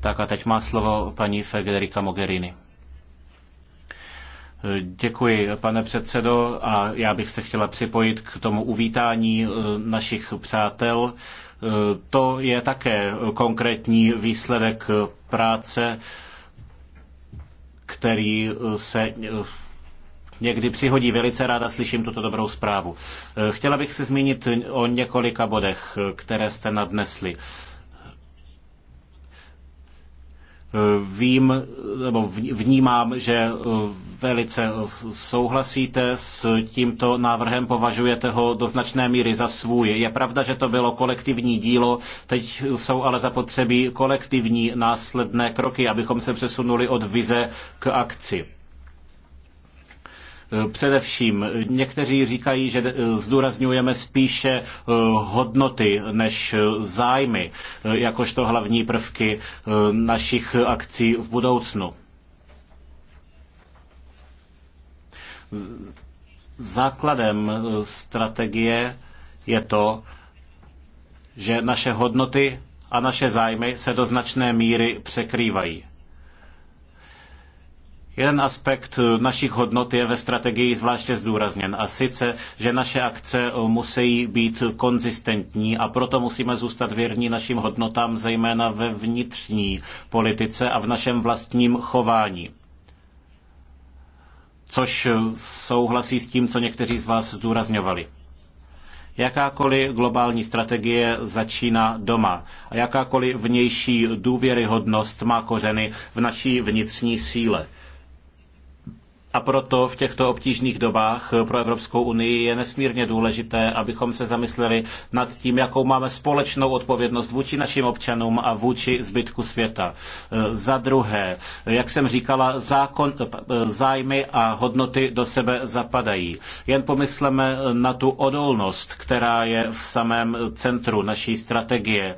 Tak a teď má slovo paní Federica Mogherini. Děkuji, pane předsedo, a já bych se chtěla připojit k tomu uvítání eh, našich přátel. Eh, to je také konkrétní výsledek práce, který eh, se někdy přihodí. Velice ráda slyším tuto dobrou zprávu. Chtěla bych se zmínit o několika bodech, které jste nadnesli. Vím, nebo vnímám, že eh, velice eh, souhlasíte s tímto návrhem, považujete ho do značné míry za svůj. Je pravda, že to bylo kolektivní dílo, teď jsou ale zapotřebí kolektivní následné kroky, abychom se přesunuli od vize k akci. Eh, především někteří říkají, že eh, zdůrazňujeme spíše eh, hodnoty než zájmy, jakožto hlavní prvky našich akcí v budoucnu. Základem strategie je to, že naše hodnoty a naše zájmy se do značné míry překrývají. Jeden aspekt eh, našich hodnot je ve strategii zvláště zdůrazněn a sice, že naše akce eh, musí být konzistentní a proto musíme zůstat věrní našim hodnotám, zejména ve vnitřní politice a v našem vlastním chování což eh, souhlasí s tím, co někteří z vás zdůrazňovali. Jakákoliv globální strategie začíná doma a jakákoliv vnější důvěryhodnost má kořeny v naší vnitřní síle. A proto v těchto obtížných dobách eh, pro Evropskou unii je nesmírně důležité, abychom se zamysleli nad tím, jakou máme společnou odpovědnost vůči našim občanům a vůči zbytku světa. Eh, za druhé, jak jsem říkala, zákon, eh, zájmy a hodnoty do sebe zapadají. Jen pomysleme na tu odolnost, která je v samém centru naší strategie,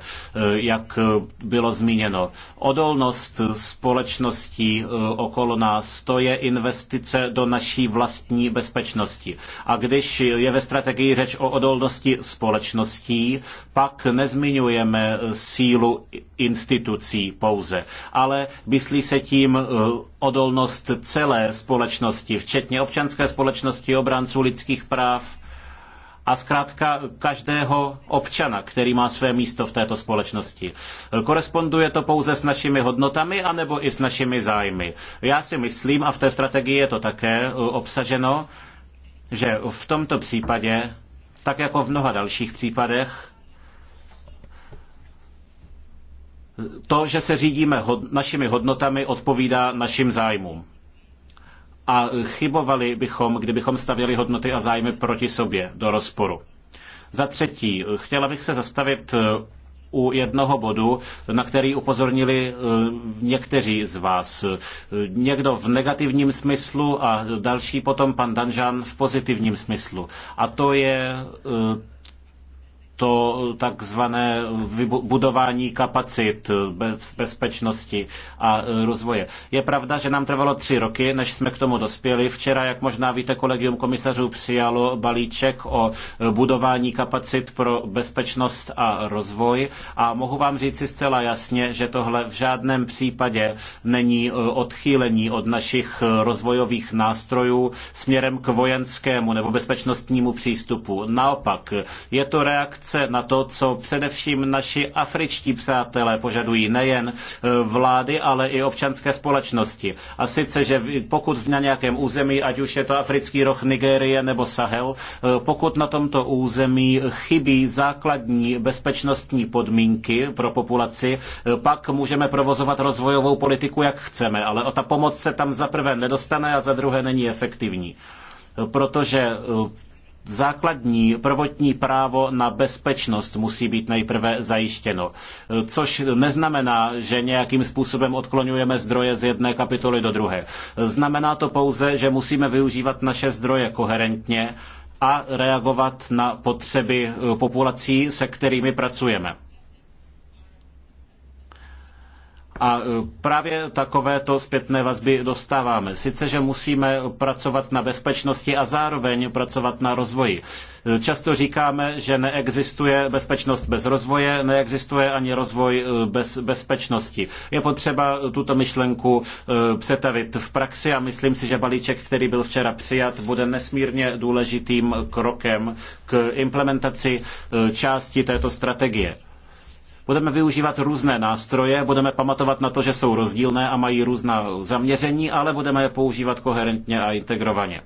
jak bylo zmíněno. Odolnost společností okolo nás, to je investice investice do naší vlastní bezpečnosti. A když je ve strategii řeč o odolnosti společností, pak nezmiňujeme sílu institucí pouze, ale myslí se tím e, odolnost celé společnosti, včetně občanské společnosti, obránců lidských práv, a zkrátka každého občana, který má své místo v této společnosti. Koresponduje to pouze s našimi hodnotami anebo i s našimi zájmy. Já si myslím, a v té strategii je to také uh, obsaženo, že v tomto případě, tak jako v mnoha dalších případech, to, že se řídíme našimi hodnotami, odpovídá našim zájmům a chybovali bychom, kdybychom stavěli hodnoty a zájmy proti sobě do rozporu. Za třetí, chtěla bych se zastavit eh, u jednoho bodu, na který upozornili eh, někteří z vás. Eh, někdo v negativním smyslu a další potom pan Danžan v pozitivním smyslu. A to je to takzvané budování kapacit bezpečnosti a e, rozvoje. Je pravda, že nám trvalo tři roky, než jsme k tomu dospěli. Včera, jak možná víte, kolegium komisařů přijalo balíček o e, budování kapacit pro bezpečnost a rozvoj a mohu vám říci zcela jasně, že tohle v žádném případě není e, odchýlení od našich rozvojových nástrojů směrem k vojenskému nebo bezpečnostnímu přístupu. Naopak, je to reakce reakce na to, co především naši afričtí přátelé požadují, nejen eh, vlády, ale i občanské společnosti. A sice, že pokud na nějakém území, ať už je to africký roh Nigérie nebo Sahel, eh, pokud na tomto území chybí základní bezpečnostní podmínky pro populaci, eh, pak můžeme provozovat rozvojovou politiku, jak chceme, ale o ta pomoc se tam za prvé nedostane a za druhé není efektivní protože základní prvotní právo na bezpečnost musí být nejprve zajištěno. Což neznamená, že nějakým způsobem odklonujeme zdroje z jedné kapitoly do druhé. Znamená to pouze, že musíme využívat naše zdroje koherentně a reagovat na potřeby populací, se kterými pracujeme. A e, právě takovéto zpětné vazby dostáváme. Sice, že musíme pracovat na bezpečnosti a zároveň pracovat na rozvoji. E, často říkáme, že neexistuje bezpečnost bez rozvoje, neexistuje ani rozvoj e, bez bezpečnosti. Je potřeba tuto myšlenku přetavit v praxi a myslím si, že balíček, který byl včera přijat, bude nesmírně důležitým krokem k implementaci části této strategie. Budeme využívat různé nástroje, budeme pamatovat na to, že jsou rozdílné a mají různá zaměření, ale budeme je používat koherentně a integrovaně.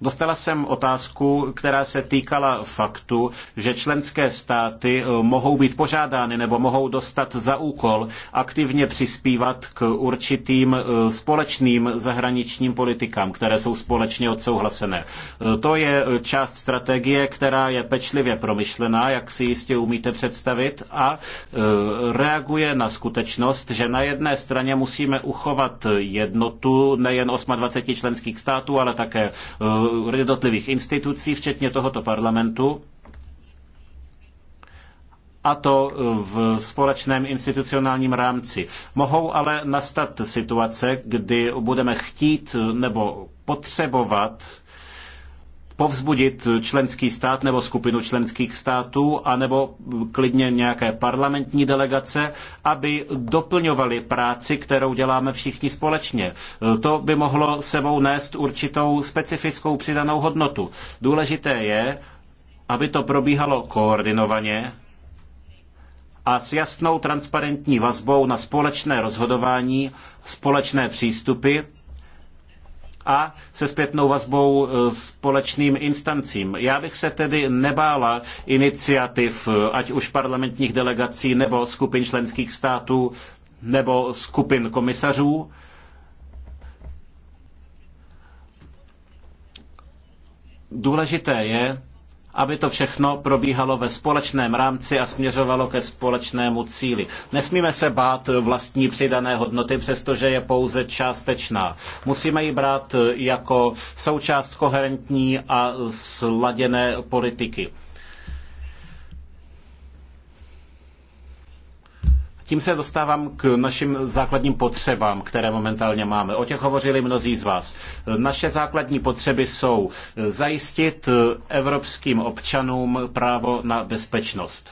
Dostala jsem otázku, která se týkala faktu, že členské státy eh, mohou být požádány nebo mohou dostat za úkol aktivně přispívat k určitým eh, společným zahraničním politikám, které jsou společně odsouhlasené. Eh, to je část strategie, která je pečlivě promyšlená, jak si jistě umíte představit, a reaguje na skutečnost, že na jedné straně musíme uchovat jednotu nejen 28 členských států, ale také jednotlivých institucí, včetně tohoto parlamentu, a to v společném institucionálním rámci. Mohou ale nastat situace, kdy budeme chtít nebo potřebovat povzbudit členský stát nebo skupinu členských států, anebo klidně nějaké parlamentní delegace, aby doplňovali práci, kterou děláme všichni společně. To by mohlo sebou nést určitou specifickou přidanou hodnotu. Důležité je, aby to probíhalo koordinovaně, a s jasnou transparentní vazbou na společné rozhodování, společné přístupy a se zpětnou vazbou eh, společným instancím. Já bych se tedy nebála iniciativ, eh, ať už parlamentních delegací nebo skupin členských států nebo skupin komisařů, důležité je, aby to všechno probíhalo ve společném rámci a směřovalo ke společnému cíli. Nesmíme se bát vlastní přidané hodnoty, přestože je pouze částečná. Musíme ji brát jako součást koherentní a sladěné politiky. Tím se dostávám k našim základním potřebám, které momentálně máme. O těch hovořili mnozí z vás. Naše základní potřeby jsou zajistit evropským občanům právo na bezpečnost.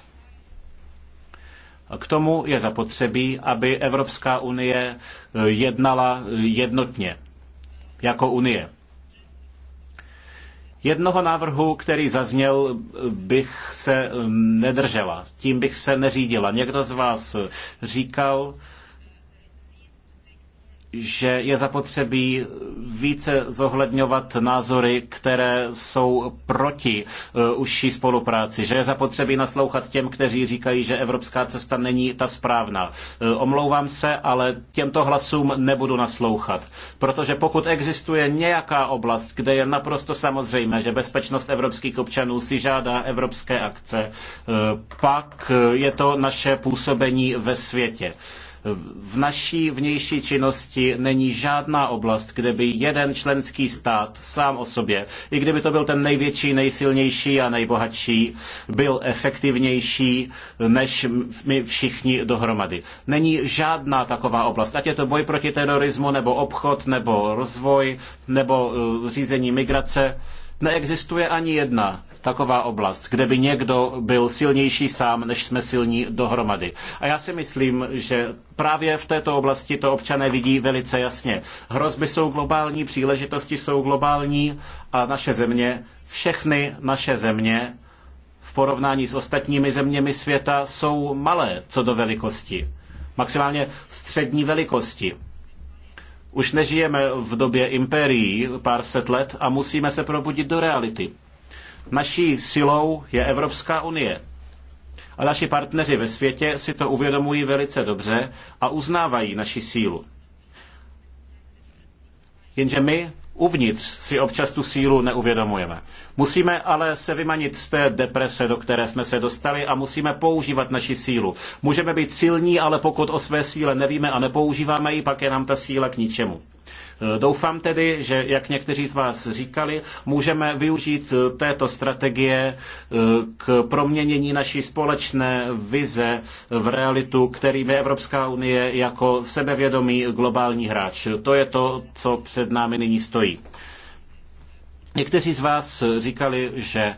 K tomu je zapotřebí, aby Evropská unie jednala jednotně jako unie. Jednoho návrhu, který zazněl, bych se nedržela, tím bych se neřídila. Někdo z vás říkal, že je zapotřebí více zohledňovat názory, které jsou proti eh, užší spolupráci, že je zapotřebí naslouchat těm, kteří říkají, že evropská cesta není ta správná. Eh, omlouvám se, ale těmto hlasům nebudu naslouchat, protože pokud existuje nějaká oblast, kde je naprosto samozřejmé, že bezpečnost evropských občanů si žádá evropské akce, eh, pak je to naše působení ve světě. V naší vnější činnosti není žádná oblast, kde by jeden členský stát sám o sobě, i kdyby to byl ten největší, nejsilnější a nejbohatší, byl efektivnější než my všichni dohromady. Není žádná taková oblast, ať je to boj proti terorismu, nebo obchod, nebo rozvoj, nebo eh, řízení migrace, neexistuje ani jedna taková oblast, kde by někdo byl silnější sám, než jsme silní dohromady. A já si myslím, že právě v této oblasti to občané vidí velice jasně. Hrozby jsou globální, příležitosti jsou globální a naše země, všechny naše země v porovnání s ostatními zeměmi světa jsou malé co do velikosti. Maximálně střední velikosti. Už nežijeme v době impérií pár set let a musíme se probudit do reality. Naší silou je Evropská unie. A naši partneři ve světě si to uvědomují velice dobře a uznávají naši sílu. Jenže my uvnitř si občas tu sílu neuvědomujeme. Musíme ale se vymanit z té deprese, do které jsme se dostali a musíme používat naši sílu. Můžeme být silní, ale pokud o své síle nevíme a nepoužíváme ji, pak je nám ta síla k ničemu. Eh, doufám tedy, že, jak někteří z vás říkali, můžeme využít eh, této strategie eh, k proměnění naší společné vize v realitu, kterým je Evropská unie jako sebevědomý globální hráč. To je to, co před námi nyní stojí. Někteří z vás říkali, že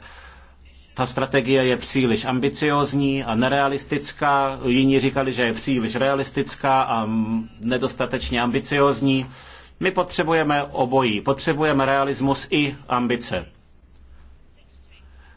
ta strategie je příliš ambiciózní a nerealistická, jiní říkali, že je příliš realistická a mm, nedostatečně ambiciózní. My potřebujeme obojí. Potřebujeme realismus i ambice.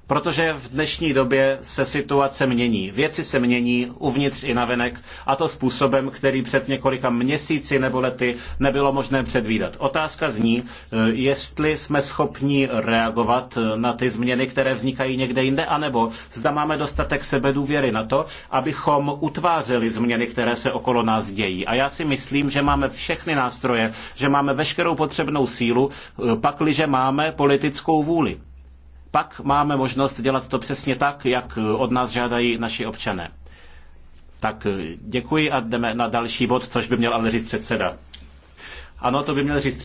Protože v dnešní době se situace mění. Věci se mění uvnitř i navenek a to způsobem, který před několika měsíci nebo lety nebylo možné předvídat. Otázka zní, e, jestli jsme schopni reagovat e, na ty změny, které vznikají někde jinde, anebo zda máme dostatek sebedůvěry na to, abychom utvářeli změny, které se okolo nás dějí. A já si myslím, že máme všechny nástroje, že máme veškerou potřebnou sílu, e, pakliže máme politickou vůli pak máme možnost dělat to přesně tak, jak od nás žádají naši občané. Tak eh, děkuji a jdeme na další bod, což by měl ale říct předseda. Ano, to by měl říct